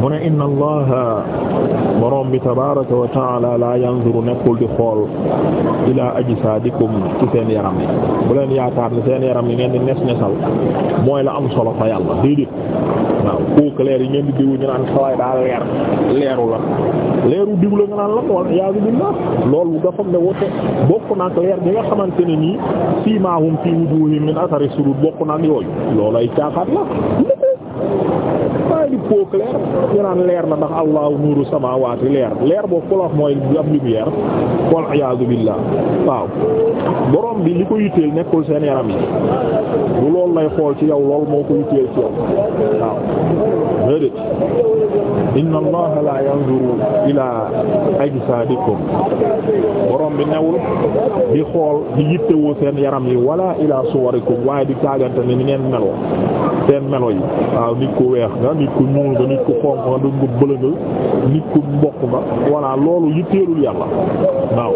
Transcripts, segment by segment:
mu ne inna allaha borom bi tabaraka wa taala la yanzuru nekkul di xool ila ajsaadikum ci seen yaram bu leen yaakaar ni seen yaram yi ngeen di nes nesal mooy la am solo fa yàlla déedéet waaw leer yi ngeen di diwu ñu naan xawaay daa leer leeru la leeru diw la nga naan lan wala iyaazu billah ne wote bokk naak leer bi nga xamante ne nii siimaahum fii wujuuhihim min athari sujuud bokk naak yooyu loolu ay caaxaat la di foofu leer ñu naan la ndax allahu nuuru samaawaati leer leer boobu ku la wax mooy ab lumière wal iyaadu billah waaw borom bi li ko yitteel nekkul seen yaram yi bu loolu lay xool ci yow lool moo ko yitteel ci yow waaw déedéet inna allaha la yanzuru ila ajsadikum borom bi newul di xool di yittewoo seen yaram yi wala ila suwarikum waaye di taagante ni ngeen meloo seen melo yi waaw nit ku weex nga nit ku ñuul nga nit ku xonq nga duñ ko bëlëngal nit ku mbokk nga voilà loolu yitteelul yàlla waaw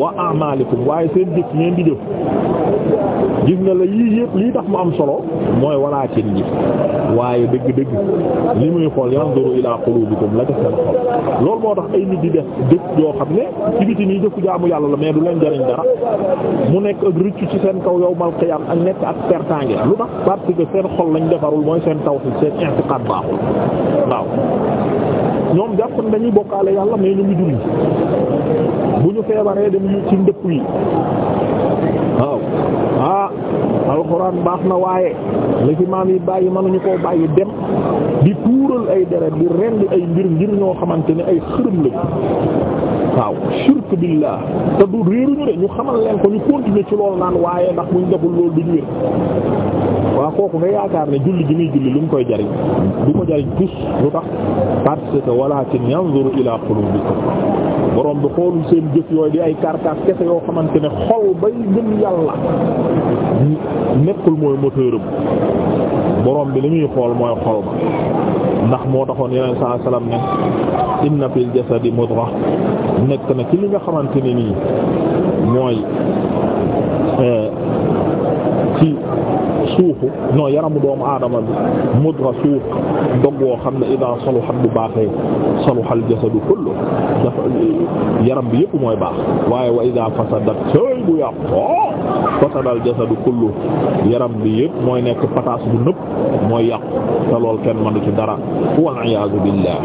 wa amalikum waaye seen jëf ngeen di jëf gis nga la yii yëpp lii tax mu am solo mooy walaa ji waaye dëgg-dëgg li muy xool yanzuru ila qulubikum la def moo tax ay nit di def jëf yoo xam ne ci biti nii jëfu jaamu yàlla la mais du leen jariñ dara mu nekk ak rëccu ci seen kaw yawmal qiyaam ak nekk ak pertange lu tax parce que seen xol lañ defarul mooy seen tawhid seen i'tiqaad baaxul waaw ñoom jàpp dañuy bokkaale yàlla mais ñu ngi julli bu ñu feebaree dem ci ndëpp yi waaw ah alxuraan baax na waaye li fi maam yi bàyyi mënuñu koo bàyyi dem di tuural ay deret di rend ay mbir ngir ñoo xamante ne ay xërëm lañu waaw shirk billah te du réeruñu de ñu xamal leen ko ñu continuer ci loolu naan waaye ndax buñ deful loolu duñu wér waaw kooku nga yaakaar ne julli gi muy julli lu mu koy jariñ du ko jariñ tus lu tax parce que walakin yanzuru ila qulubikum borom bi xoolul seen jëf yooyu di ay karkaas kese yoo xamante ne xol bay gën yàlla nekkul mooy moteur am bi li muy xool mooy xol ndax moo taxoon yeneen saa salaam ne inna fil jasadi mudra nekk na ci li nga xamante ne nii suufu non yaramu doomu aadama bi mudra suuf dog woo xam ne idaa saluhat bu baaxee saluhal jasadu kullu dafa yaram bi yëpp mooy baax waaye wa idaa fasadat sëy bu yàqu fasadal jasadu kullu yaram bi yëpp mooy nekk pataas bu nëb mooy yàqu te lool kenn mënu ci dara wal iyaazu billah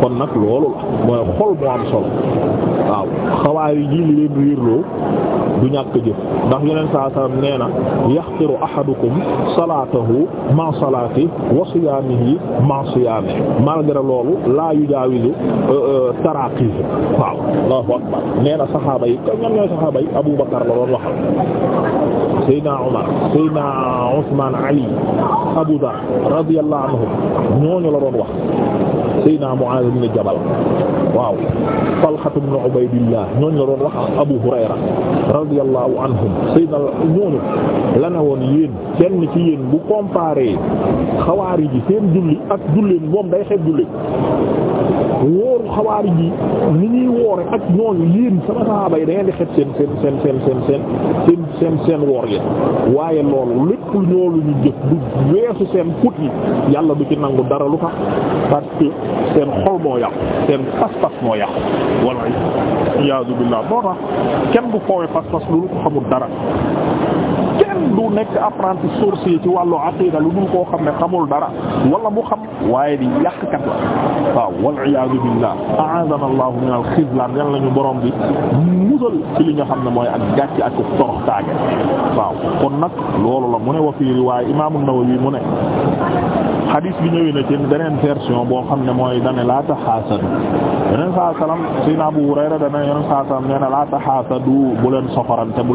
kon nag loolu la mooy xol moo am solo waaw xawaari ji li leen riirloo du ñàkk jëf ndax yeneen saa sallam nee na yaxtiru ahadukum salaatahu ma salaati wa siyaamihi ma siyaami loolu laa yujaawizu euh, euh, taraaqihi waaw allahu akbar nee saxaaba yi ko ñoom ñooy saxaaba yi Abu Bakar la doon waxal Seydina Omar Seydina Ousmane Ali Abu Dar radiyallahu anhum ñooñu la doon wax Seydina Muaz ibn Jabal waaw Talha ibn Ubaydillah ñooñu la doon wax Abu Hurayra radiyallahu anhum Seydina ñooñu la ne woon yéen kenn ci yéen bu comparé xawaari ji seen julli ak julleen moom day xeeb julli wooru xawaar ji ni ñuy woore ak ñooñu yéen sama saaba yi da ngeen di xet seen seen seen seen seen seen seen seen seen woor yi waaye loolu lépp ñoolu ñu jëf du weesu seen put yi yàlla du ci nangu dara lu tax parce que seen xol moo yàqu seen pas-pas moo yàqu walla iyaazu billaah boo kenn bu foowee pas-pas lu ko xamul dara kenn du nekk apprenti sorcier ci wàllu aqiida lu dul koo xam ne xamul dara wala mu xam waaye di yàqkat la waaw waliyasu billah a'adana allah min al xizlaan yal nañu borom bi musal ci li nga xam ne mooy ak gàcc ak torox taage waaw kon nag loolu la mu wa fii riwaaya imam an-Nawawi mu ne xadis bi ñëwee na ci beneen version boo xam ne mooy dane la taxaasadu yeneen saa salaam sayna Abu Hurayra dane yeneen saa salaam nee na laa bu leen soxorante bu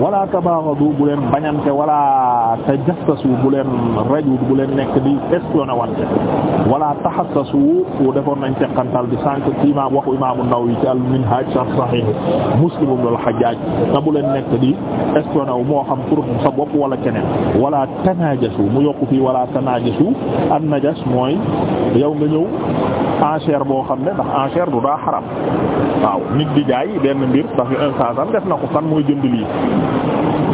wala tabaghadu bu leen bañante wala tajassasu bu leen raju bu leen nekk di espionner wante wala tahassasu defoon nañ teqantal di sànq ci imaam waxu imaamu Nawawi ci al-Minhaj sharh Sahih Muslim ibn al bu leen nekk di espionner wu moo xam pour sa bopp wala keneen wala tanajasu mu yokku fii wala tanajasu an-najas mooy yow nga ñëw enchère boo xam ne ndax enchère du daa xaram waaw nit di jaay mbir ndax yu instant na ko kan mooy jënd lii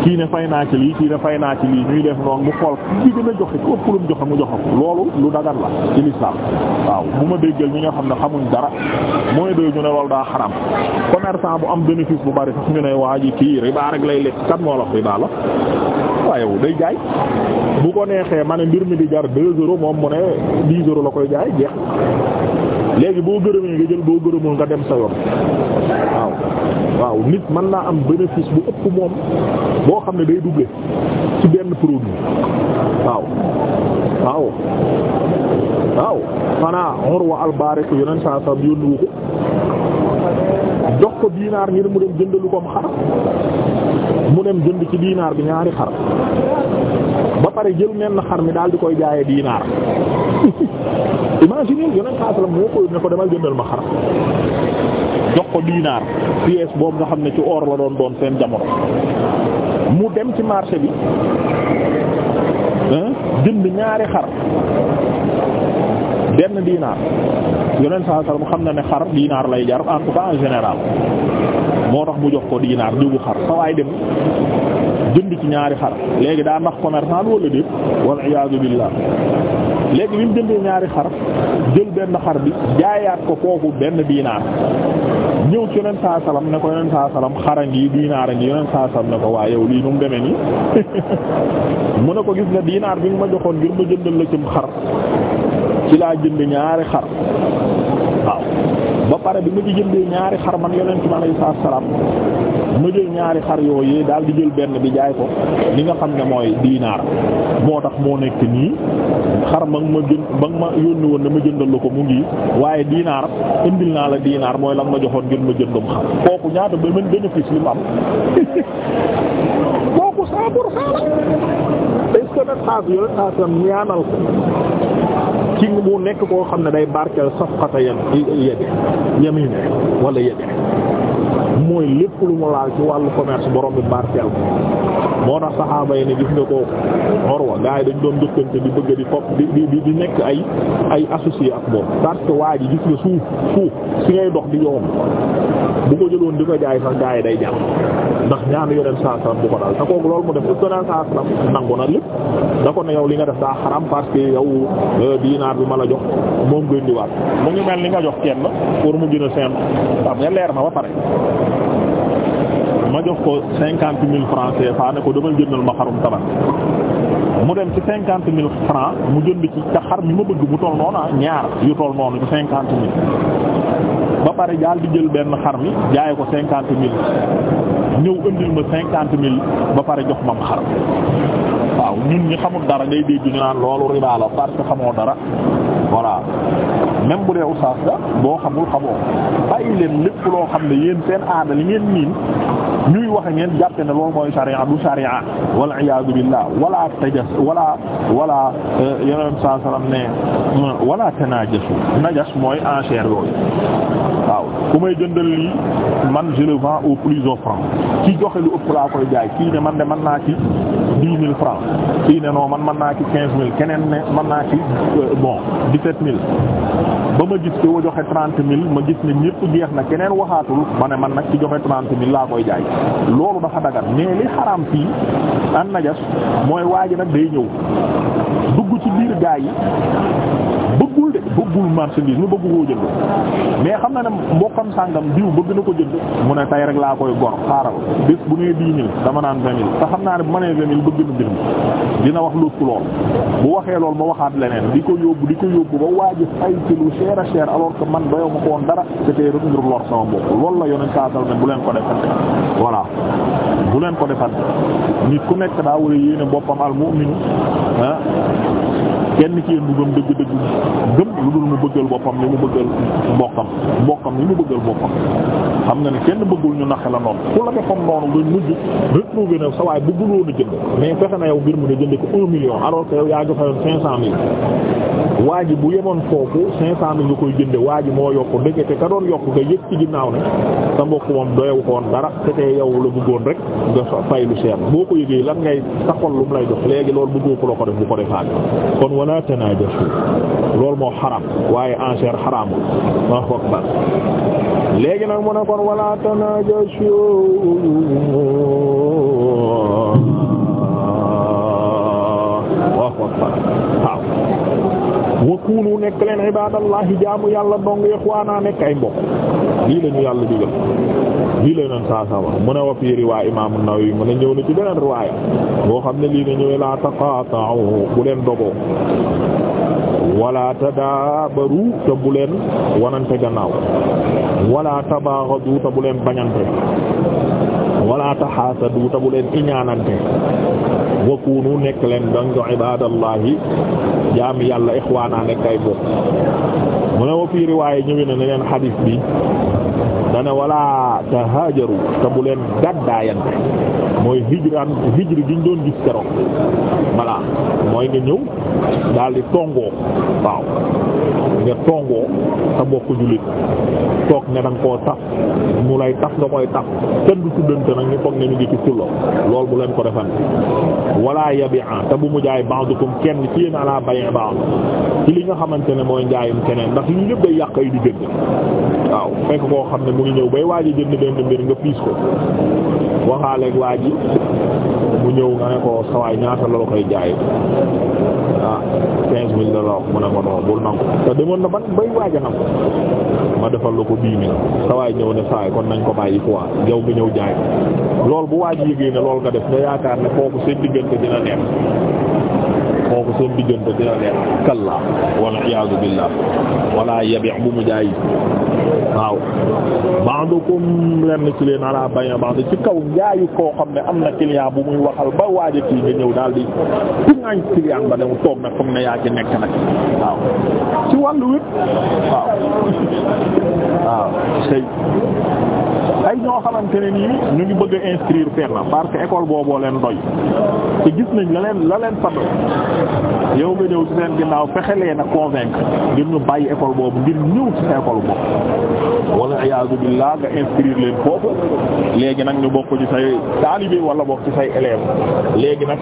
kii ne fay naa ci lii kii ne fay naa ci lii ñuy def noonu mu xool kii gën a joxe ku ëpp lu mu joxe mu joxe loolu lu dagan la ci lislaam waaw bu ma déggal ñi nga xam ne xamuñ dara mooy doy ñu ne loolu daa xaram commerçant bu am bénéfice bu bari sax ñu ne waa ji kii riba rek lay lekk kat moo la riba la waaye yow day jaay bu ko neexee ma ne mbir mi di jar deux euros moom mu ne dix euros la koy jaay jeex léegi boo gërëmee nga jël boo gërëmul nga dem sa yoon waaw nit man naa am bénéfice bu ëpp moom boo xam ne day doublé ci benn produit waaw waaw waaw xanaa Urwa al-Barik yeneen saa saa bi yónni wu ko jox ko diinaar ngir mu dem jëndalu lu ko xar mu dem jënd ci diinaar bi ñaari xar ba pare jël menn xar mi daal di koy jaaye diinaar imagine yeneen saa saa moo koy ne ko demal jëndal ma xar. ko dinaar pièce boobu nga xam ne ci or la doon doon seen jamono mu dem ci marché bi jënd ñaari xar benn dinaar yeneen saa saa mu xam na ne xar dinaar lay jar en tout cas en général moo tax mu jox ko dinaar njëgu xar sa dem jënd ci ñaari xar léegi daa nax commerçant wala déet wal iyaadu billah léegi bi mu ñaari xar jël benn xar bi jaayaat ko foofu benn diinaar ñëw ci yonent saa salaam ne ko yonent saa salaam xara ngi diinaar ngi yonent saa salaam ne ko waaye yow lii nu mu demee nii mu ne ko gis nga diinaar bi nga ma joxoon ngir ma jëndal la cim xar ci laa jënd ñaari xar ba pare bi ma ci jëndee ñaari xar man yonent bi alayhi salaatu salaam ma jël ñaari xar yooyee daal di jël benn bi jaay ko li nga xam ne mooy diinaar moo tax moo nekk nii xar ma ma jënd ba ma yónni ma jëndal la ko mu ngi waaye diinaar indil naa la dinaar mooy la ma joxoon ngir ma jëndum xar kooku ñaata ba mën bénéfice kooku 100 pour est-ce que xaas yooyu xaasam ñaanal ko ci mu nekk koo xam ne day barkeel safqata yam yede yamine wala yede mooy lépp lu mu laal ci wàllu commerce borom bi barkeel ko moo tax saxaaba yi ne gis nga kooku Urwa gars yi dañ doon njëkkante di bëgg di topp di di di nekk ay ay associé ak waa ji gis nga suuf suuf si ngay dox di yomb bu ko jëloon di ko jaay sax gars day jàll ndax ñaanu yeneen saa salaam bu ko daal te kooku loolu mu yow li nga def daa xaram parce que yow euh, diinaar jox moom nga indiwaat nga jox kenn pour mu gën a simple xam leer ma ba pare. jox ko cinquante mille francs ko demal jëndal ma xarum tabax mu dem ci cinquante mille francs mu jënd ci ca xar mi ma bëgg mu toll noonu ah, ñaar yu toll noonu ci cinquante mille. ba pare daal di jël benn xar mi jaay ko cinquante mille ñëw ëndil ma cinquante mille ba pare jox mam xar waaw ñun ñi xamul dara ngay dégg ñu naan loolu riba parce xamoo dara voilà même bu dee oustaz da boo xamul xamoo bàyyi leen lépp loo xam ne yéen seen aada li ngeen miin ñuy waxe ngeen jàppe ne loolu mooy sharia du sharia wal iyaadu billah wala tajas wala wala euh, yeneen saa salaam ne wala tanaajasu najas mooy enchère yooyu ku may jëndal lii man je le vends au plus offrant ki joxe lu ëpp laa koy jaay kii ne man de mën naa ci dix mille francs kii ne non man man naa ci quinze mille keneen ne mën naa ci euh, bon dix-sept mille ba ma gis ko joxe trente mille ma gis ne ñépp jeex na keneen waxaatul ma ne man nag ci joxe trente mille laa koy jaay loolu dafa dagat mais li xaraam fii an najas mooy waa ji nag day ñëw dugg ci biir gaa yi bëggul marchandise mu bëgg koo jënd mais xam na ne mbokkam sàngam diw bëgg na ko jënd mu ne tey rek laa koy gor xaaral bés bu nee dix dama naan vingt te xam naa ne bu ma bëgg na mbir mi dina wax lu lool bu waxee lool ma waxaat leneen di ko yóbbu di ko yóbbu ba waaj a fay ci lu cher a cher alors que man doyoo ma woon dara te tey rek ngir lor sama bopp loolu la yoneen saa ne bu leen ko defante voilà bu leen ko defante nit ku nekk daa war a yéene boppam kenn ci yéen bu gëm dëgg-dëgg gëm lu dul mu bëggal boppam li mu bëggal mbokkam mbokkam li mu bëggal xam nga ne kenn bëggul ñu naxe la noonu ku la defoon noonu nga mujj retrouver na sa waay na yow ngir mu ne jënd ko un million alors ji bu yemoon foofu cinq cent mille koy jënde waa ji moo yokk ndekete ka doon yokk nga yëg ci ginnaaw ne sa mbokk ko woon dara te tey yow la bëggoon rek nga fay lu cher boo ko yëgee lan ngay sa xol lu mu lay jox léegi loolu bëggoo ko la ko def bu ko defaat kon wala tanajasu loolu moo xaram waaye enchère xaramul ma foog ba léegi nag mu ne kon wala tanajasu waaw wakuunu nekk leen ibadallahi jaamu yàlla dong ixwaana nekk ay mbokk lii la yoneen saa saa wax mu ne wa fii riwaay imaam an mu ne ñëw na ci beneen riwaaya boo xam ne lii ne ñëwee laa taqaata'u bu leen dogoo wala tadaabaru te bu leen wanante gannaaw wala tabaghadu te bu leen bañante wala taxaasadu ta bu leen iñaanante wa kunu nekk leen dang do ibadallahi jaami yàlla ixwaana nekk ay bokk mu ne wa fii riwaaye ñëwee ne leen xadiis bi dana wala tahaajaru te bu leen gàddaayante mooy hijran hijri giñ doon gis keroog mooy nga ñëw daal di tongoo waaw nga tongoo sa mbokku jullit toog ne da nga koo tax mu lay tax nga koy tax kenn du tuddante nag ñu foog ne ñu ngi ci tulloo loolu bu leen ko defan wala yabi'a te bu mu jaay ba'dukum kenn ci yéen ala bay'a ba'd ci li nga xamante ne mooy njaayum keneen ndax lii lépp day yàq ay di jënd waaw fekk koo xam ne mu ngi ñëw bay waaj a jënd benn mbir nga piis ko waxaaleeg waa ji mu ñëw nga ne ko sawaay ñaata la la koy jaay ah quinze mille la la wax mu ne ma non bul nangu te demoon na ban bay waaj a ma defal la ko dix mille sawaay ñëw ne saay kon nañ ko bàyyi quoi yow bi ñëw jaay loolu bu waaj yëgee ne loolu nga def nga yaakaar ne kooku seen diggante dina neex kooku seen diggante dina leen kalla wal iyaadu billah wala yabi' bu mu jaay waaw ba'dukum lenn ci leen ala bayan ba'd ci kaw jaayu koo xam ne am na client bu muy waxal ba waaja kii nga ñëw daal di tuŋaañ client ba dem toog nag comme ne yaa ci nekk nag waaw ci wàllu wépp waaw waaw ay ñoo xamante ne nii ñu ngi bëgg a fenn parce école booboo leen doy te gis nañ la leen la yow nga ñëw ci seen ginnaaw fexe leen a convaincre ngir ñu bàyyi école boobu ngir ñëw ci sa école boobu wala iyaazu billah nga inscrire leen foofu léegi nag ñu bokk ci say taalibe wala bokk ci say élèves léegi nag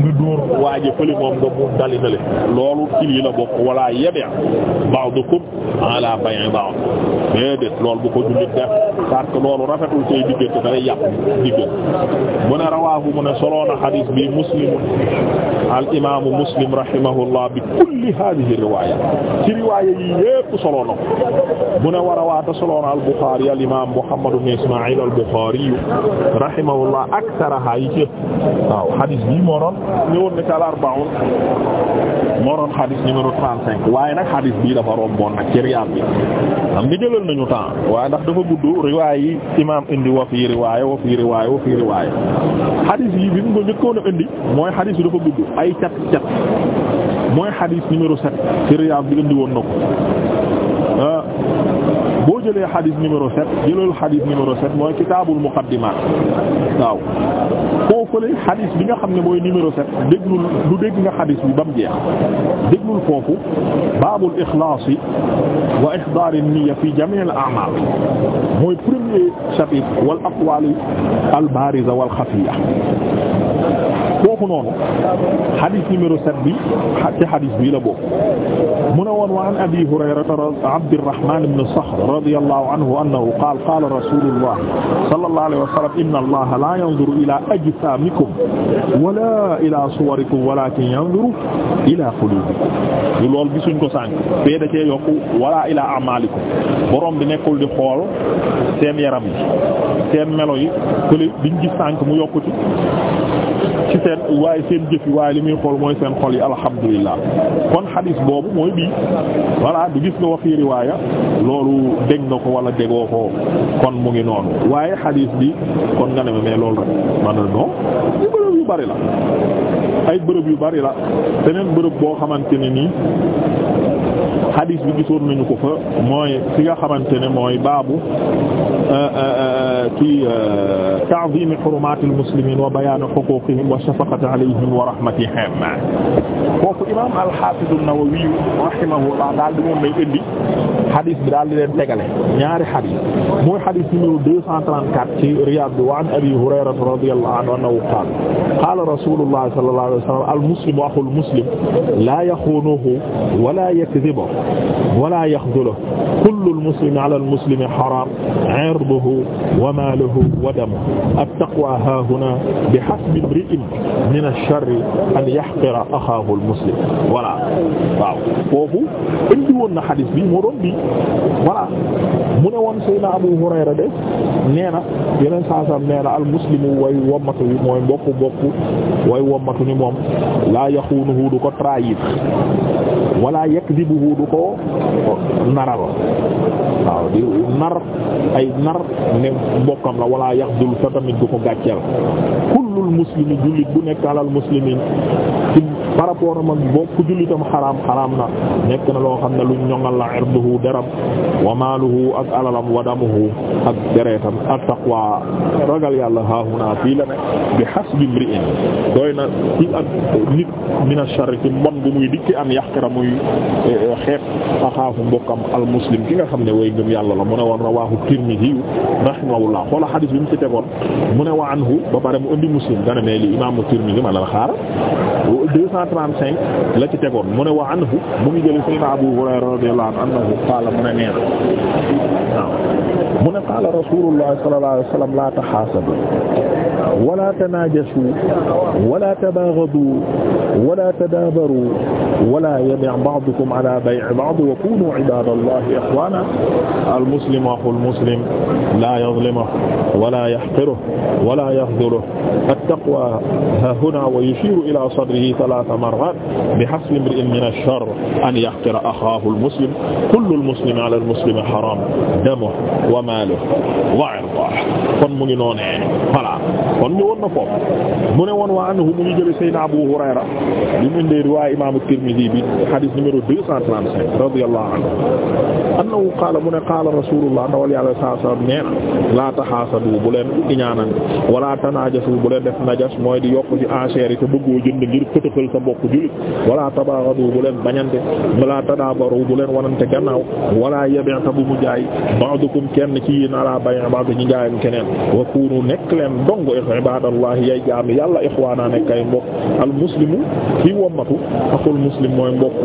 nga dóor waaje fële moom nga mu dali na loolu ci la bokk wala yebe ba'dukum ala bay'i ba'd déedéet loolu bu ko jullit def parce que loolu rafetul say diggante da lay yàq diggante mu ne rawaahu mu ne solo na xadis bi muslim al imaamu muslim rahimahullah bi kulli haadihi riwaaya ci riwaaya yi yépp solo na ko mu ne war a waata solo na al buxaari al imaam muhammad ibn ismaa'il al buxaari rahimahullah aktharaha yi ci waaw xadis bi moo doon ñëwoon na ci al arba'un moo doon xadis numéro 35 waaye nag xadis bi dafa romboon nag ci riyaad bi am ni jëlal nañu temps waaye ndax dafa gudd riwaaya riwaay yi imaam indi wa fii riwaaya wa fii riwaaya wa fii yi bi mu ko njëkkoon indi mooy xadis yi dafa gudd ay cat cat mooy xadis numéro sept ci Riyaad bi indi woon na ko ah. boo jëlee xadis numéro 7 jëlal xadis numéro 7 mooy a kitaabul muqaddimaat waaw foofule xadis bi nga xam ne mooy numéro 7 déglul du dégg nga xadis bi ba mu jeex déglul foofu baabul ixlaas wa ihdaar an-niyya fi jamii' al-a'maal mooy premier chapitre wal aqwaal al-baariza wal xafiya foofu noonu xadis numéro 7 bi ci xadis bii la bokk mu ne woon wa an abi hurayrata abdirahman ibn saxr radiyallahu anhu annahu qaal qaala rasulullah sallallahu alayhi wa sallam inna allaha la yanzuru ila ajsamikum wala ila suwarikum walakin yanzuru ila qulubikum du lool gisuñ ko sànq fee da cee yokku wala ila amalikum borom bi nekkul di xool seen yaram yi seen melo yi kële biñ gis sànq mu yokku ci waaye seen jëf yi waaye li muy xool mooy seen xool yi alhamdulilah kon xadis boobu mooy bii voilà du gis nga wa fii riwaaya loolu dégg nga ko wala déggoo ko kon mu ngi noonu waaye xadis bi kon nga ne mais loolu rek man la non bërëb yu bari la ay bërëb yu bari la beneen bërëb boo xamante ne nii xadis bi gisoon nañu ko fa mooy fi nga xamante ne mooy baabu ci euh, euh, euh, ta'zim hurumatil muslimin wa bayan huquqihim wa shafaqati alayhim wa rahmatihim foofu imaam al-Haafiz an-Nawawi rahimahullah daal di moom may indi xadis bi daal di leen tegale ñaari xadis mooy xadis numéro 234 ci Riyad bi wa an Abi Hurayra radiyallahu anhu annahu qaala qaala rasulullah sallallahu alayhi wa sallam al muslimu axul muslim laa yaxuunuhu wala yakdibuhu wala yaxduluhu kullul muslimi alal muslimi xaraam irduhu wa maaluhu wa damuhu attaqwa haahunaa bi hasbi imri'in mina sharri an yahqira axaahu al muslim voilà waaw foofu indi woon na xadis bi moo doon bi voilà mu ne woon Seydina Abu Hurayra de nee na yeneen saasam nee na al muslimu way wommatu mooy mbokku mbokku way wommatu ni moom laa yaxuunuhu du ko trahir wala yakdibuhu du ko naraba waaw di nar ay nar ne mbokkam la wala yaxdul ta tamit du ko gàcceel kullul muslimi jullit bu nekk alal muslimin par rapport am ak bokku jullitam xaraam xaraam na nekk na loo xam ne lu ñoŋal la irduhu deram wa maaluhu ak alalam wa damuhu ak deretam ak taqwa ragal yàlla haahuna fii la ne bi hasbi mri'in doy na ci ak nit mina sharri ci mbon bu muy dikki an yaqira muy eh, xeeb axaafu mbokkam al muslim ki nga xam ne way ngëm yàlla la mu ne woon rawahu tirmidhi rahimahullah xoola hadith bi mu ci tegoon mu ne wa anhu ba pare mu indi muslim dana li imaamu tirmidhi 235 la ci tegoon mu ne wa anhu mu ngi jëlee sayyidina Abu Hurayra radiyallahu anhu qaala mu ne nee na waaw mu ne qaala Rasulullah sallallahu alayhi wa sallam la tahaasadu wala tanaajasu wala tabaghadu wala tadabaru wala yabi' ba'dukum ala bay'i ba'd wa kunu ibadallahi ikhwana almuslimu akhul muslim la yadhlimuhu wala yahqiruhu wala yakhzuluhu at-taqwa hahuna wa yushiru ila sadrihi thalatha marrat bihasbi imri'in min ash-sharr an yahqira akhahu al-muslim kullu al-muslim ala al-muslim haram damuhu wa maluhu wa 'irduhu kon mu ngi noonu voilà ñëwoon na foofu mu ne woon wa anhu mu ngi jële Seydina Abu Hurayra li mu indee riwaaya imaamu Tirmidhi bi hadith numéro deux cent trente-cinq radiyallahu anhu annahu qaala mu ne qaala rasulullah ndawal yàlla sallallahu alayhi wasallam nee laa taxaasadu bu leen iñaanan wala tanaajasu bu leen def najas mooy di yokk ci enchères yi te bëggoo jënd ngir pëtëxal sa mbokk jullit wala tabaghadu bu leen bañante wala tadaabaru bu leen wanante gannaaw wala yabi'ta bu mu jaay ba'dukum kenn ci yéen ala bay' ba'd yàlla ixwaana nekk ay mbokk al muslimu kii wommatu akul muslim mooy mbokk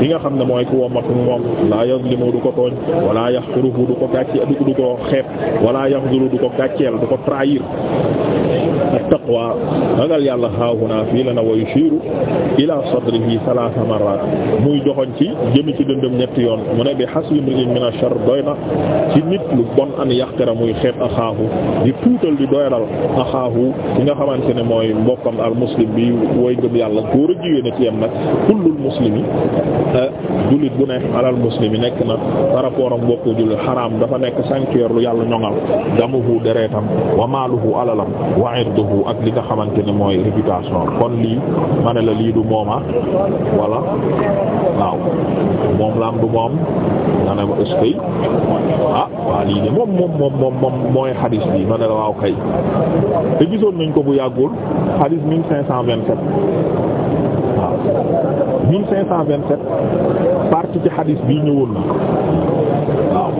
li nga xam ne mooy ki wommatu moom laa yazlimu du ko tooñ wala yaxturuhu du ko gàcce du ko xeeb wala yaxduru du ko gàcceel du ko trahir taqwa ragal yàlla naa fii la na wa yushiru ila sadrihi thalatha marrat muy joxoñ ci jëmi ci dëndëm ñetti yoon mu ne bi hasbi mri'in min ash-sharr doy na ci nit lu bon an yaqtara muy xeet a xaahu di tuutal di doyalal a xaahu ki nga xamante ne mooy mbokkam al muslim bi woy ngëm yàlla góor a jigéen a ci yem nag kullul muslimi eh, jullit bu ne alal muslimi nekk na par rapport ak mbokku jullit xaraam dafa nekk sanctuaire lu yàlla ñoŋal deretam wa maaluhu alalam wa irduhu li nga xamante ne mooy réputation kon lii ma ne la lii du mooma wala waaw moom laam du moom nga ne ma est-ce que ah waa lii de moom moom moom moom moom mooy xadis bi ma ne la waaw kay te gisoon nañ ko bu yàggul xadis 1527. 1527 partie ci xadis bii ñëwoon na waaw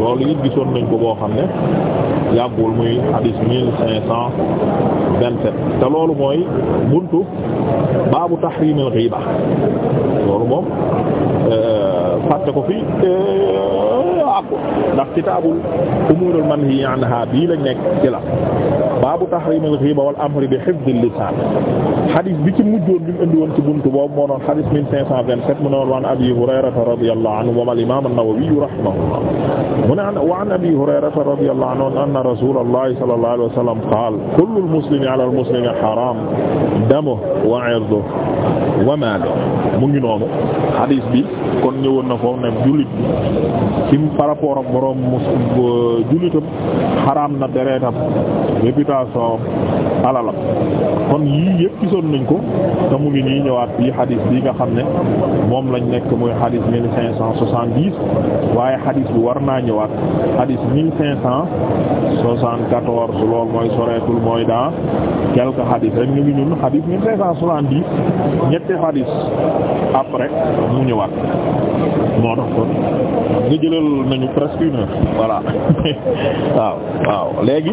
loolu it gisoon nañ ko boo xam ne yàggul muy xadis 1527 te loolu mooy buntu baabu tahriimil ghiiba loolu moom. Euh, fàtte ko fii eh, àggu ndax kitaabul umuurul manhiyyi anhaa bii lañ nekk ci la baabu tahriimil ghiiba wal amri bi hifzil lisaan xadis bi ci mujjoon bi mu indi woon ci buntu boobu moo doon xadis 1527 mu ne woon waan Abi Hurayrata radiyallahu anhu moom al-imaam an-Nawawi rahimahullah mu ne wa an Abi Hurayrata radiyallahu anhu anna rasuulallahi sallallahu alayhi wa sallam qaala kullul muslimi alal muslimi haraam damuhu wa irduhu wa maalo mu ngi noonu hadis bi kon ñëwoon na foofu ne jullit ci par rapport ak borom euh, jullitam xaraam na deretam réputation alalam kon yii yëpp son nañ ko te mu ngi nii ñëwaat bii hadis bi nga xam ne moom lañ nekk muy hadis mille cinq cent soixante-dix waaye hadis bi war naa ñëwaat hadis mille cinq cent soixante-quatorze lool mooy soreetul mooy dans quelques hadis rek ñu ngi ñun hadis mille fàtte hadis après mu ñëwaat moo tax kon nga jëlal nañu presque une heure voilà waaw waaw léegi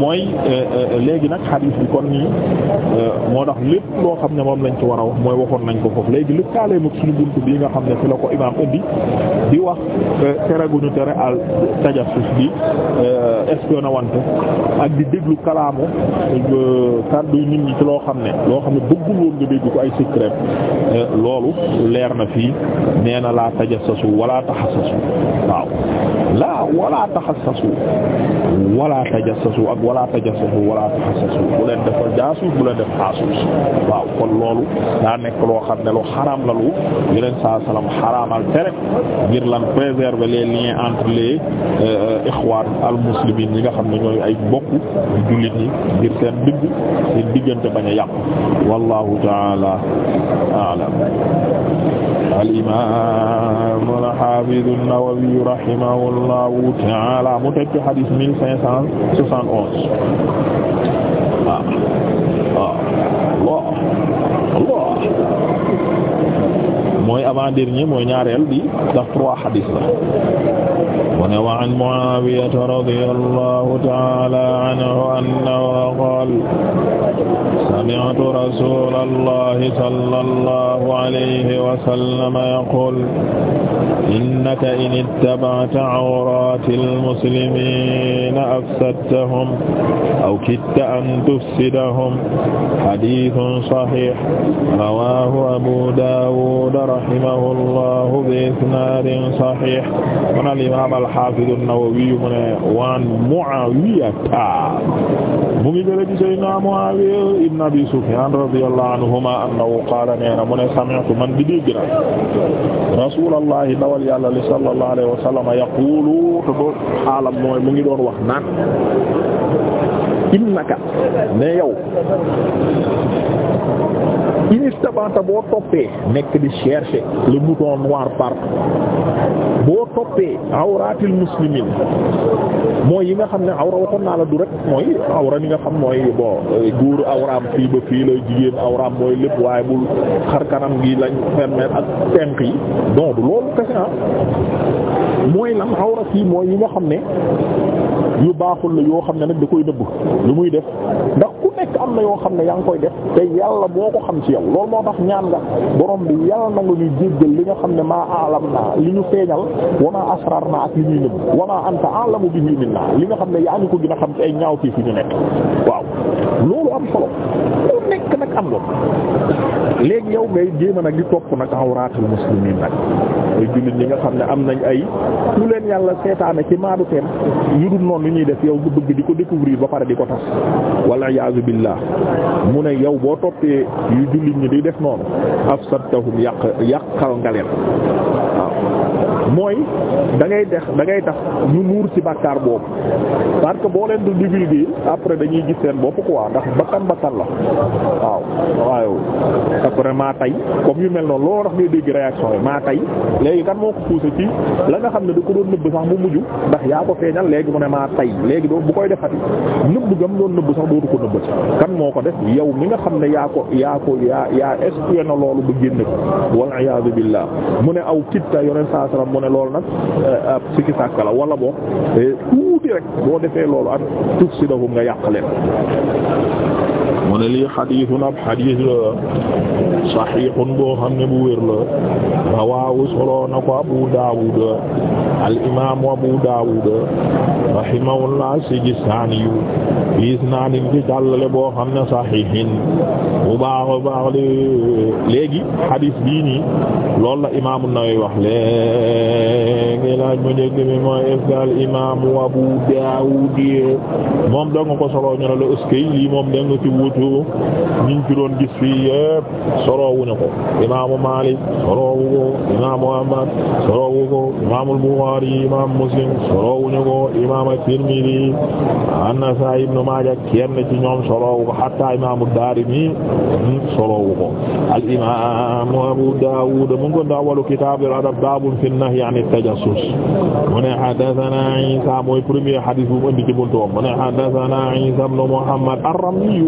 mooy euh, euh, léegi nag hadis bi kon nii euh, moo tax lépp loo xam ne moom lañ ci war a mooy waxoon nañ ko foofu léegi lu taalee mag suñu buntu bii nga xam ne fi la ko imaam indi di wax tere gu ñu tere al tajassus bi espion wante ak di déglu kalaamu kàddu nit ñi ci loo xam ne loo xam ne bëggul woon nga dégg ko ay secret eh, loolu leer na fii nee na laa tajassasu wala taxassasu waaw laa wala taxassasu wala tajassasu ak wala tajassasu wala bu leen def jaasuus bu leen def xaasuus waaw kon loolu daa nekk loo xam ne lu xaraam la lu yeneen saa salaam xaraamal tere ngir lan préserver les liens entre les eh, ikhwan al muslimin ñi nga xam ne ñooy ay bokk jullit ñi ngir seen digg seen diggante bañ a yàqu wallahu ta'ala a'lam al-imam al-hafiz an-Nawawi rahimahullahu ta'ala mu tekk hadith mille cinq cent soixante onze waaw waaw Allah Allah mooy avant dernier mooy ñaareel bi ndax trois hadith la mu ne wa an Muawiya radiyallahu ta'ala anhu annahu qala sami'tu rasulallahi sallallahu alayhi wa sallam yaqul innaka in ittaba'ta awratil muslimina afsadtahum aw kitta an tufsidahum hadithun sahih rawahu Abu Dawud rahimahullahu bi isnaadin saxiix kon al-imaam al-xaafiz an-Nawawi mu ne waan Mu'aawiyata mu ngi jëlee ci Seydina Mu'aawiya ibn Abi Sufyaan radiyallahu anhumaa annahu qaala nee na mu ne sami'tu man bi dégg na rasuulullahi ndawal yàlla li sallallahu alayhi wa sallam yaquulu te doon xaalam mooy mu ngi doon wax naan innaka ne yow inistabata boo toppee nekk di chercher le mouton noir partout boo toppee awratil muslimin mooy yi nga xam ne awra waxoon naa la du rek mooy awra ni nga xam mooy bon góor awraam fii ba fii la jigéen awraam mooy lépp waaye bul xar kanam gi lañ permettre ak tenk yi donc loolu kese ah mooy lan awra fii mooy yi nga xam ne yu baaxul la yoo xam ne nag da koy dëbb lu muy def ndax ku nekk am na yoo xam ne yaa ngi koy def te yàlla moo ko xam ci yow loolu moo tax ñaan nga borom bi yàlla na nga ñuy jéggal li nga xam ne maa alam naa li ñu feeñal wa maa naa ak li ñuy nëbb wa maa anta alamu bihi minna li nga xam ne yaa ngi ko gin a xam ci ay ñaaw fii fi ñu nekk waaw loolu am solo ku nekk nag am nga léegi yow ngay jéem a nag di topp nag awraatul muslimiin nag ay jullit ñi nga xam ne am nañ ay lu leen yàlla seetaane ci maadu teem yu dul noonu ñuy def yow bu bëgg di ko découvrir ba pare di ko tas walla iyaazu billaah mu ne yow boo toppee yu jullit ñi di def noonu afsadtahum yàq yàqal nga leen waaw mooy da ngay dex da ngay tax ñu nuur ci bàkkaar boobu parce que boo leen du divulguer après dañuy gis seen bopp quoi ndax bakkan bakkan la waaw waaw après maa tay comme yu mel noonu looloo tax ngay dégg réaction yi maa tay léegi kan moo ko poussé la nga xam ne da ko doon nëbb sax mu mujj ndax yaa ko feeñal léegi mu ne maa tay léegi doo bu koy defati nëbb gam doon nëbb sax dootu ko nëbb ci kan moo ko def yow mi nga xam ne yaa ko yaa ko yaa yaa espué na loolu ba génn ko wal iyaazu mu ne aw kitta yoneen saa mu loolu nag euh, ab sikki sàkk wala boo eh, tuuti rek boo defee loolu ak tuf si dafum nga yàq leen mu ne lii xadiisun ab xadiis la saxiixun xam ne bu wér la rawaahu solo na ko Abu Daawud al imaamu Abu Daawud rahimahullah Sijistaaniyu bi isnaadin ci jàllale boo xam ne saxiixin bu baax a baax léegi xadiis bii nii loolu la imaamu na wax léegi laaj mu njëkk bi mooy al imaamu Abu Daawud moom danga solo ne la est lii moom danga ci surtout niñ ci doon gis fii yëpp sorowuñu ko imaamu Maalik sorowu ko imaamu Ahmad sorowu ko imaamul Buxaari imaam Muslim sorowuñu ko imaam Tirmidi An-Nasaa'i Ibnu Maaja kenn ci ñoom sorowu ko hatta imaamu Daarimi sorowu ko al-imaamu Abu Daawuud mu ngi ko daawalu kitaabil adab baabun fi nahyi an tajassus mu ne haddasanaa Iisaa mooy premier hadiis bu mu indi ci buntu mu ne haddasanaa Iisaa ibnu Muhammad ar-Ramli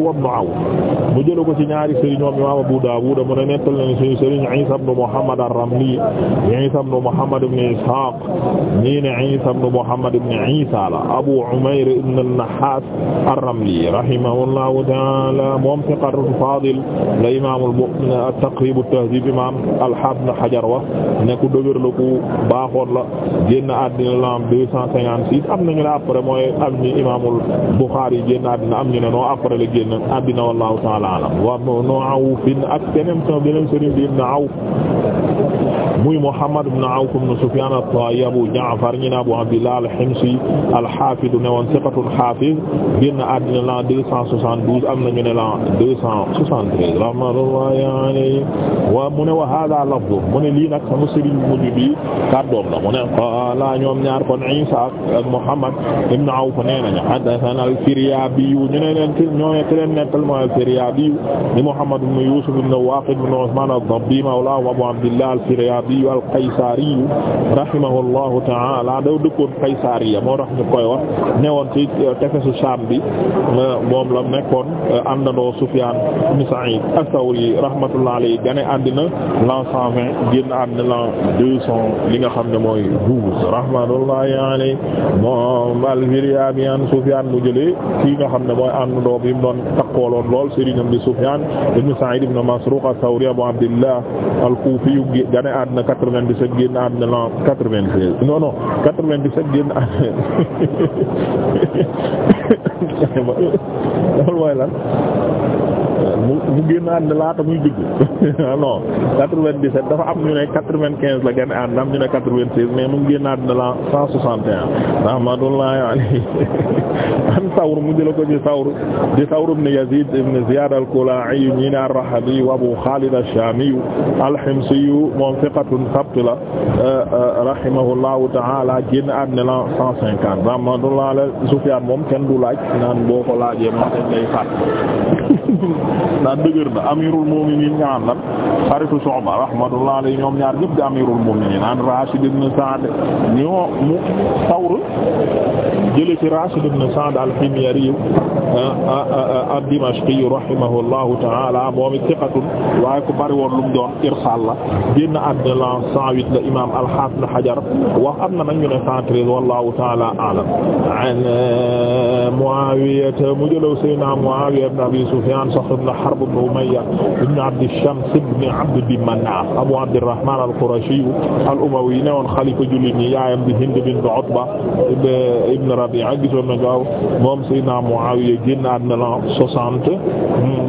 waaw mu jëla ko ci ñaari sëriñ ñoom imam Abu Dawud mu ne nettal na suñu sëriñ Isa ibn Muhammad ar-Ramli Isa ibn Muhammad ibn Ishaq ñii ne Isa ibn Muhammad ibn Isa la Abu Umayr ibn an-Nahas ar-Ramli rahimahullahu ta'ala moom thiqatun fadil la imam at-Taqrib at-Tahdhib imam al-Hafiz Ibn Hajar wax ne ku dëgër la ku baaxoon la génn àddina l'an deux cent cinquante-six am nañu ne après mooy am ñi imamul Bukhari génn àddina am ñu ne non après la génn rabbina wallahu ta'ala alam wa ibn Awf ak beneen sama beneen sëriñ bi ibn Awf muy Muhammad ibn Awf ibn Sufyan at-Ta'i Abu Ja'far ñi na Abu Abdillah al-Himsi al-Hafiz ne woon thiqatun hafiz génn àddina la 272 am nañu ne la 273 rahmatullahi alayhi wa mu ne wa hadha lafdu mu ne lii nag sama sëriñ mujj bi kàddoom la mu ne qala ñoom ñaar kon Isa ak Muhammad ibn Awf nee nañu haddathana al-Firyabi ñu ne leen ñoo ne leen nettal mooy al-Firyabi ni Muhammad ibn Yusuf ibn Waqid ibn Uthman ad-Dabbi mawla Abu Abdillah al-Firyabi al-Basri al-Qaysari rahimahullahu ta'ala daw dëkkoon Qaysariya moo tax ñu koy wax newoon ci euh, tefesu Sham bi euh, moom la nekkoon euh, àndandoo Sufyan ibn Sa'id ath-Thawri rahmatullahi alayhi gane àddina l'an 120 génn àddina l'an 200 li nga xam ne mooy 12 rahmatullahi alayhi moom al-Firyaabi an Sufyan mu jëlee kii nga xam ne mooy àndandoo bi mu takkooloon lool sëriñam di Sufyan ibn Sa'id ibn Masruq ath-Thawri Abu Abdillah al-Kufi gane àddina àddina 97 génn àddina l'an 96 non non 97 génn àddina loolu mooy lan mu mu génn ànd laata muy juddu ah non 97 dafa am ñu ne 95 la génn ànd am ñu ne 96 mais mu génn ànd la 161 rahmatullahi alayhi an Sawr mu jëla ko ci Sawr di Sawr ibn Yazid ibn Ziyad al-Kula'i ñi ne ar-Rahabi wa Abu Khalid ash-Shami al-Himsi moom thiqatun thabt la euh, rahimahullahu ta'ala génn ànd la 150 rahmatullahi alayhi Sufyan moom kenn du laaj naan boo ko laajee moom dañ lay faat ndax dëgër na amirul mu'minin ñaan lan xaritu Shu'ba rahmatullah alayhi ñoom ñaar ñëpp di amirul mu'minin an Rashid ibn Sa'd ñoo mu Thawr jële ci Rashid ibn Sa'd al-Himyari ad-Dimashqi rahimahullahu ta'ala moom it thiqatun waaye ku bari woon lu mu doon irsaal la génn àddina la 108 la imaam al-Hafiz Hajar wax am na nag ñu ne 113 wallahu ta'ala a'lam an euh, Muawiya mu jëlaw Seydina Muawiya ibn Abi Sufyan Saxr ibn Harb ibn Umayya ibn Abd Shams ibn Abd Manaf Abu Abdirrahman al-Qurashi al-Umawi ne woon xalifa jullit ñi yaayam di Hind bint Utba ibn Rabi'a gisoon na gaaw moom Seydina Muawiya Muawiya génn na l'an soixante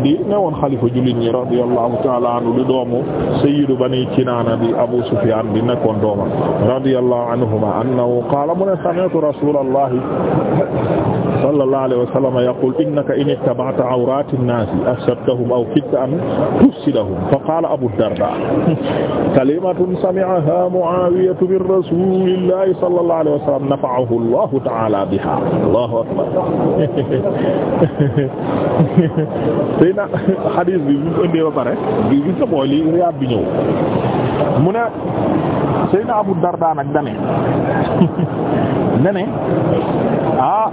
di newoon xalifa jullit ñi radiyallahu ta'ala anhu di doomu sayyidu bani Kinaana di Abu Sufyaan di nekkoon dooma radiyallahu anhuma annahu qaala mu ne sami'tu rasulallahi sallallahu alayhi wa sallam yaqul innaka in ittaba'ta awraati an-naasi afsadtahum aw kitta an tufsidahum fa qaala Abu Darda kalimatun sami'aha Muawiyatu min rasulillahi sallallahu alayhi wa sallam nafa'ahu Allahu ta'ala biha Allahu akbar tey na xadiis bi bu ñu ko indee ba pare gis nga mooy li riyaat bi mu ne Seydina Abu Darda nag dane ah,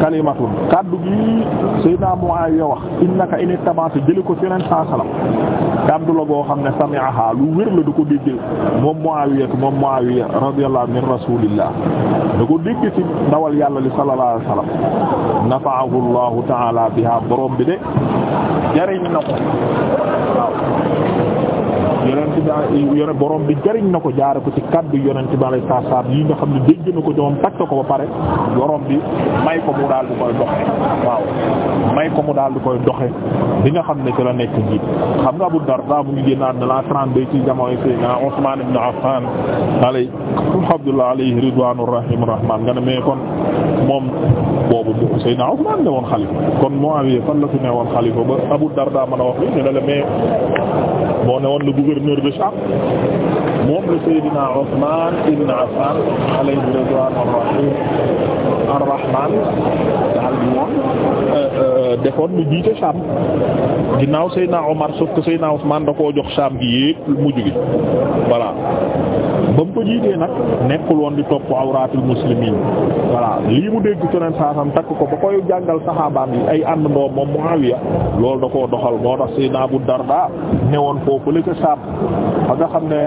kalimatun kaddu gi Seydina Muawiya wax innaka in ittaba'ta jëli ko seneen saa salam kaddu la goo xam ne sami'aha lu wér la du ko dégg moom Muawiya moom Muawiya radiyallahu min rasulillah da ko dégg ci ndawal yàlla li nafa'ahu Allahu ta'ala biha borom bi jariñ na yonent bi yone bi jariñ na ko jaare ko ci kaddu yonent bi alayhi salaam yi nga xam ne dégg na ko doom takk ko ba pare borom bi may ko mu daal di koy doxe waaw daal di koy doxe bi nga xam ne ci la nekk njiit xam nga Abu Darda mu ngi génnaat na la 32 ci jamono Seydina Usman ibn Affan alay alhamdulillah alayhi ridwaanu rahim rahman nga ne mais kon moom boobu Abu Darda mën a wax li ñu la mais moo ne woon le gouverneur de Cham moom la Seydina Ousmane ibn Affan alayhi ridwaan ar-rahiim ar-rahmaan daal di woon euh, euh, defoon mu jiite Cham ginnaaw Seydina Omar sauf que Seydina Ousmane jox Cham gi yépp mujj gi voilà ba mu ko jiitee nag nekkul woon di topp awraatul muslimiin voilà lii mu dégg keneen saasam takk ko ba koy jàngal saxaabaan yi ay ànd ndoom moom Muawiya lool da koo doxal moo tax Seydina Abu Darda newoon foofu la sa Saam fa nga xam ne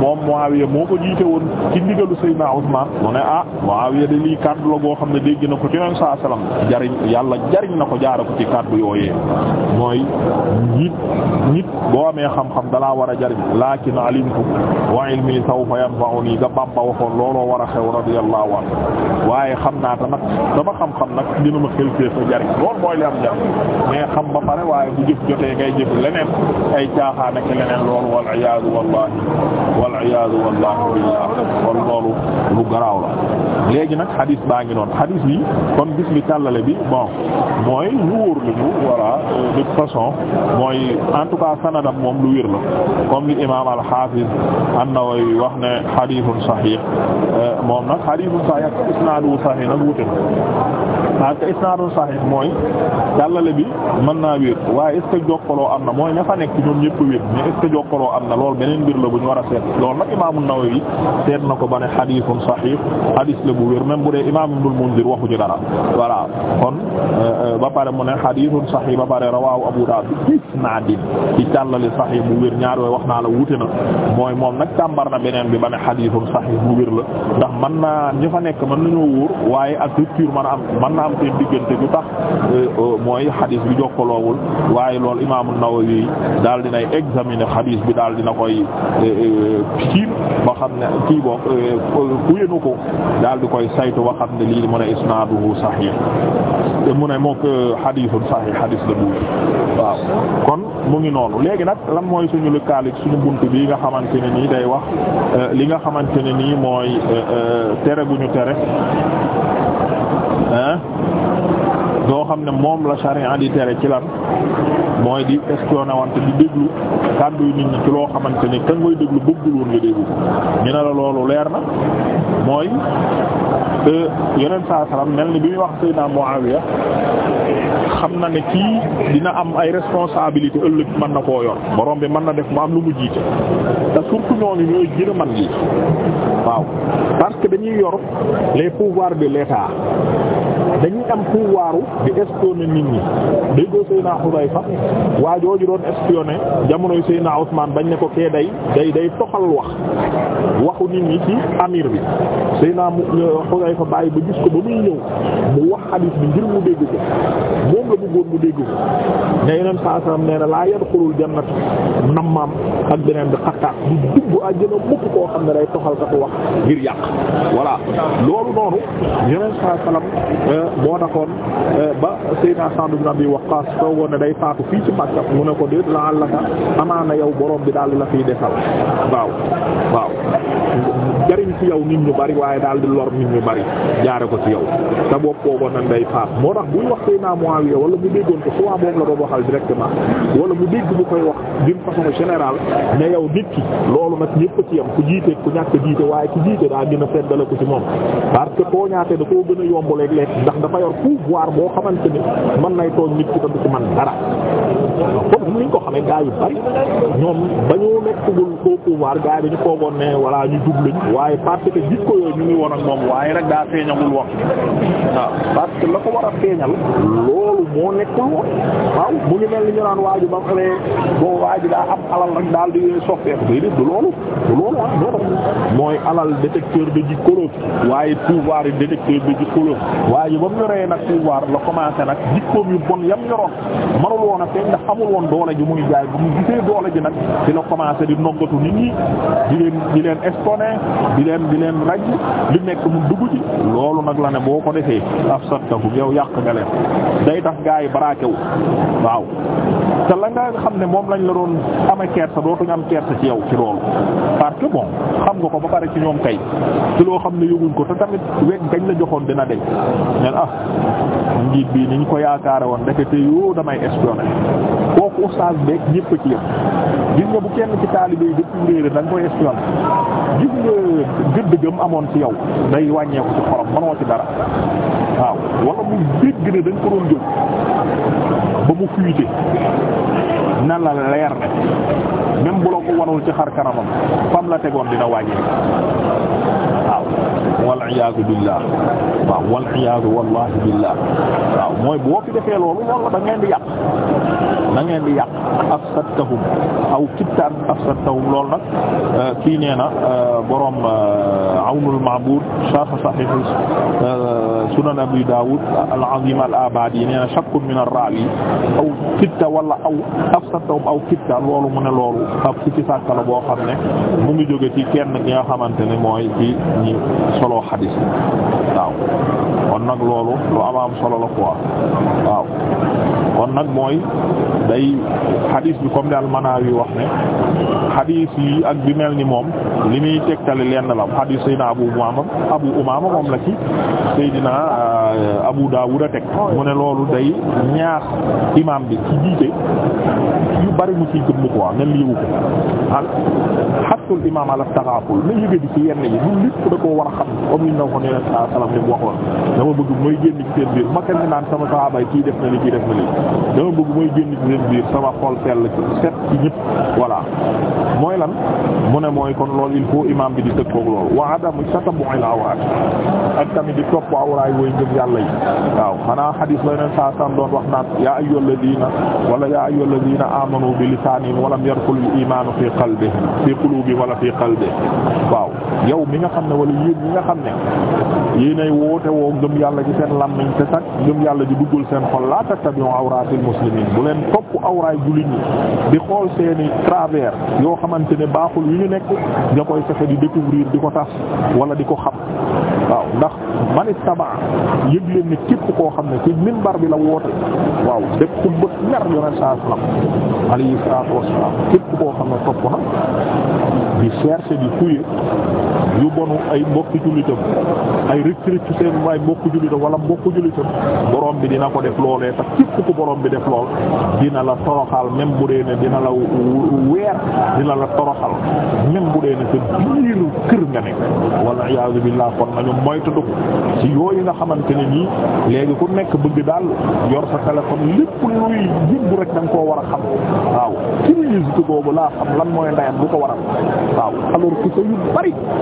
moom Muawiya moo ko jiite woon ci ndigalu Seydina Usmaan mu ne ah Muawiya de lii kàddu la goo xam ne dégg na ko ci ren saa salaam jariñ yàlla jariñ na ko jaara ko ci kàddu yooyee mooy nit nit boo amee xam-xam dalaa war a jariñ laakin wa yanfa'uni ga Bamba waxoon looloo war a xew radiyallahu anhu waaye xam naa te nag dama xam-xam nag dina ma xel fee fa jariñ loolu mooy li am jariñ mais xam ba pare waaye bu jëf jotee ngay jëf leneen ay caaxaan ak leneen loolu wal iyaadu wallahi wal iyaadu wallahi billah kon loolu lu garaaw la léegi nag xadiis baa ngi noonu xadiis bi kon gis li tàllale bi bon mooy lu wóor lañu voilà euh, de toute façon mooy en tout moom lu wér la comme li imaam al-Hafiz an-Nawawi wax ne ne xadiisun saxiix euh, moom nag xadiisun saxiix ak isnaaduhu saxiix nag wute na ak isnaaduhu saxiix mooy jàllale bi mën naa wér waaye est ce que am na mooy ña fa nekk ñoom ñëpp wér mais est ce que am na lool beneen mbir la bu ñu war a seet loolu nag imaamu Nawawi seet na ko ba ne xadiisun saxiix xadiis la bu wér même bu dee imaam Ibnul Munzir waxu ci dara voilà kon euh, euh, ba pare mu ne xadiisun saxiix ba pare rawaahu Abu Daawuud bi isnaadin ci jàllale saxiix bu wér ñaar yooyu wax naa la wute na mooy ci ba ne xadiisun saxiix bu wér la ndax man na ñu fa nekk mën nañoo wóor waaye ak rupture man a am mën na am seen diggante ju tax euh, euh, mooy xadiis bi jokkaloowul waaye loolu imaamu Nawawi daal dinay examiner xadiis bi daal dina koy euh, kiir ba xam ne kii boo kuyénu ko daal di koy saytu ba xam ne lii mu ne isnaaduhu saxiix te mu ne mook xadiisun saxiix xadiis la bu wér waaw kon mu ngi noonu léegi nag lan mooy suñu lëkkaalik suñu bunt bi nga xamante ne nii day wax li nga xamante ne nii mooy euh, euh, tere gu tere ah loo xam ne moom la charia di tere ci lan mooy di espionner wante di déglu kàddu nit ñi ci loo xamante ni ka ngoy déglu bëggul woon nga déglu ñu ne la loolu leer na mooy yeneen saa salaam mel ni bi muy wax Seydina Muawiya xam na ne kii dina am ay responsabilité ëllëg mën na koo yoon borom bi mën na def mu am lu mu jiite te surtout ñooñu ñooy gën a man lii waaw parce que dañuy yor les pouvoirs de l'État dañuy am pouvoiru di espionner nit ñi déggoo Seyna Xudayfa waa jooju doon espionner jamonoy Seyna Usmaan bañ ne ko kee day day day toxal wax waxu nit ñi ci amir bi Seyna euh, Xudayfa mu wax xadiis ko moom la bëggoon mu dégg ko na laa beneen bi xattaat du dugg àjjana mukk koo xam ne day toxal katu wax ngir yàq voilà loolu noonu yeneen saa salaam moo taxoon euh, ba Seydina Sa'd bi Abi Waqqas foogoon ne day faatu fii ci Makka mu ne ko déet la àllaka amaana yow borom bi daal di la fiy defal waaw waaw jariñ ci yow nit ñu bari waaye daal di lor nit ñu bari jaare ko ci yow te boobu foogoon na day faatu moo tax buy wax Seydina Muawiya wala mu déggoon ko soit boobu la doon waxal directement wala mu dégg bu koy wax d'une façon générale ne yow nit ki loolu nag ñépp ci yam ku jiite ku ñàkk jiite waaye ku jiite a ko ci moom a yomb léeg dafa yor pouvoir boo xamante ni mën nay tooñ nit ki te du man dara comme ni ñu ko xamee gaa yu bari ñoom ba ñoo nekkagul au pouvoir gaa yi dañu foogoon ne walla ñu jub lañ waaye parce que jikko yooyu ñu ngi woon ak moom waaye rek daa feeñagul woon waaw la ko war a feeñal loolu moo nekkul woon waaw mu ngi mel ni ñu naan waaju ba xale boo waaju daa am alal rek daal di soppeeku day def du loolu du loolu ah, mooy alal détecteur de jikko waaye pouvoir détecteur de jikko waaye ba mu yoree nag pouvoir la commencé nag jikkoom yu bon yam yoroon manul woon a feeñ ndax amul woon doole ji muy jaay bu mu gisee doole ji nag ci la commencé di noggatu nit ñi di leen di leen espionner di leen di leen raj li nekk mu dugg ci loolu nag la ne boo ko defee afsadtahu yow yàq nga leen day tax gaa yi baraake waaw te la nga xam ne moom lañ la doon ame kersa dootuñu am kersa ci yow ci loolu parce que bon xam nga ko ba pare ci ñoom kay ci loo xam ne yëguñ ko te tamit gañ la joxoon dina deñ ah njiit bii niñ ko yaakaare woon ndekete yoo damay espionné kooku oustaz beeg ñëpp ci yëpp gis nga bu kenn ci taalibe yi découvrir da nga koy espionné gis nga gëdd gëm amoon ci yow day wàññeeku ci xorom mënoo ci dara waaw wala mu dégg ne dañ ko doon jël ba mu fuité na la leer ne même bu la ko wanul ci xar kanamam fam la tegoon dina wàññeeku. waaw wal iyaadu billah waaw wal iyaadu wallahi billah waaw mooy boo fi defee loolu loolu da ngeen di yàq da ngeen di yàq afsadtahum aw kittaan afsadtahum loolu nag euh, kii nee na euh, boroom euh, awnul ma'bud sharh sahih sunan abi daawud al-azim al-abadi nee na shakkun min ar-rawi aw kitta wala aw afsatahum aw kitta loolu mu ne loolu ab sikki sàkka la boo xam ne mu ngi jóge ci kenn ki nga xamante ne mooy ci ñi solo xadis waaw kon nag loolu lu amaam solo la quoi waaw kon nag mooy day xadis bi comme daal Manawi wax ne xadis yi ak bi mel ni moom li muy tegtali lenn la xadis Seydina Abu Umama Abu Umama moom la Seydina Euh, Abu Dawud a teg mu ne loolu day ñaax imam bi ci jiite yu bari mu ciy gëm quoi même yëgu ko al xattul imam ala taxaaful na yëga di ci yenn yi lu lépp da koo war a xam comme li ñu ko nee saa salaam li mu ma kenn naan sama sahaaba yi kii def na li kii def na li dama bëgg mooy génn seen biir sama xol sell set ci ñëpp voilà mooy lan mu ne mooy kon loolu il faut imam bi di tëgg koog loolu wa adamu tatabu'il awraat ak tamit di topp awraat taxawaay way ngëm yàlla yi waaw xanaa xadiis la neen saa san doon wax naan yaa ayyuhal ladina wala yaa ayyuhal ladina amanu bi lisaanihim walam yadxul imaanu fi qalbihim fi quluubihim wala fi qalbihim waaw yow mi nga xam ne wala yéen mi nga xam ne yéenay woote woo ngëm yàlla ci seen làmmiñ te sax ngëm yàlla ji duggul seen xol la tattabi'u awraatil muslimiin bu leen topp awraay jullit ñi di xool seeni travers yoo xamante ne baaxul yu ñu nekk nga koy fexe di découvrir di ko tas wala di ko xam yëg leen ne koo xam ne ci minbar bi la woote waaw def ku bët mer yoneen saa salaam alayhi salaatu wassalaam képp koo xam ne topp na di chercher di fouiller yu bonu ay mbokk jullitam ay recrute ci seen ay mbokk jullitam wala mbokk jullitam borom bi dina ko def loolee tax képp ku borom bi def lool dina la toroxal même bu dee ne dina la weer dina la toroxal même bu dee ne sa biiru kër nga nekk wala iyaazu billaah kon nañu moytu ci yooyu nga xamante ne nii léegi ku nekk bëgg daal yor sa téléphone lépp luy rek da koo war a xam waaw curiosité boobu laa xam lan mooy ndayam bu ko waral waaw alors que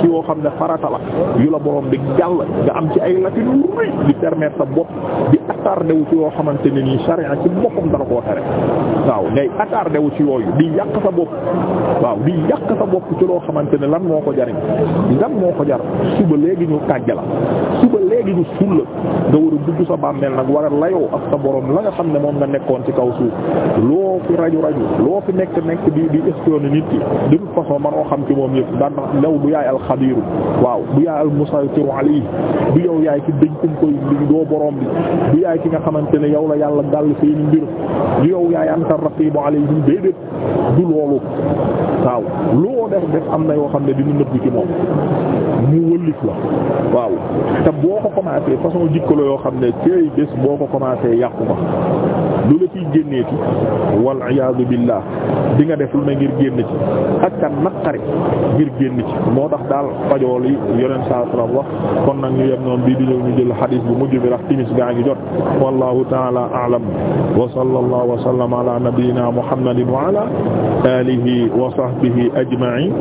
ci yoo xam ne farata la yu la borom di jàll am ci ay latin yu rëy di permettre sa bopp yoo xamante ne nii charia ci boppam dara koo tere wu ci yooyu di yàq sa bopp waaw di yàq sa ci loo xamante ne lan moo ko jariñ lan moo ko jar suba léegi ñu tàjj la suba léegi ñu fulla nga war a dugg sa bàmmeel nag war a layoo ak sa boroom la xam ne moom nga nekkoon ci kaw suuf loo fi raju raju loo fi nekk nekk di di espionner nit ki de xam ci moom yëpp daan law du yaay alxabiru waaw du yaay almusaytiru alayhi du yow yaay ki dëñ kum koy doo borom bi du ki nga xamante ne yow la yàlla dal seeni mbir du yow yaay anta raqibu alayhim déedéet du loolu waaw loo def def am na yoo xam ne dina nëbbu ci moom mu wëllif la waaw te boo ko commencé commencé façon jikko yoo xam ne tey bés boo ko commencé yàqu ko lu la ciy génneeti wal iyaadu billah di nga def lu ne ngir génn ci ak kan naqari ngir génn moo tax daal fajool yi yoneen saa salaam wax kon nag ñu yem noonu bii di ñëw ñu jël xadiis bu mujj bi rax timis gaa ngi jot wallahu taala a'lam wa sallallahu wa sallama ala nabiyyina muhammadin wa ala alihi wa sahbihi ajma'in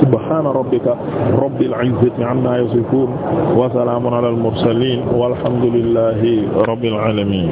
subhana rabbika rabbil izzati amma yasifun wa salamun ala al mursaliin walhamdulillaahi rabbil aalamiin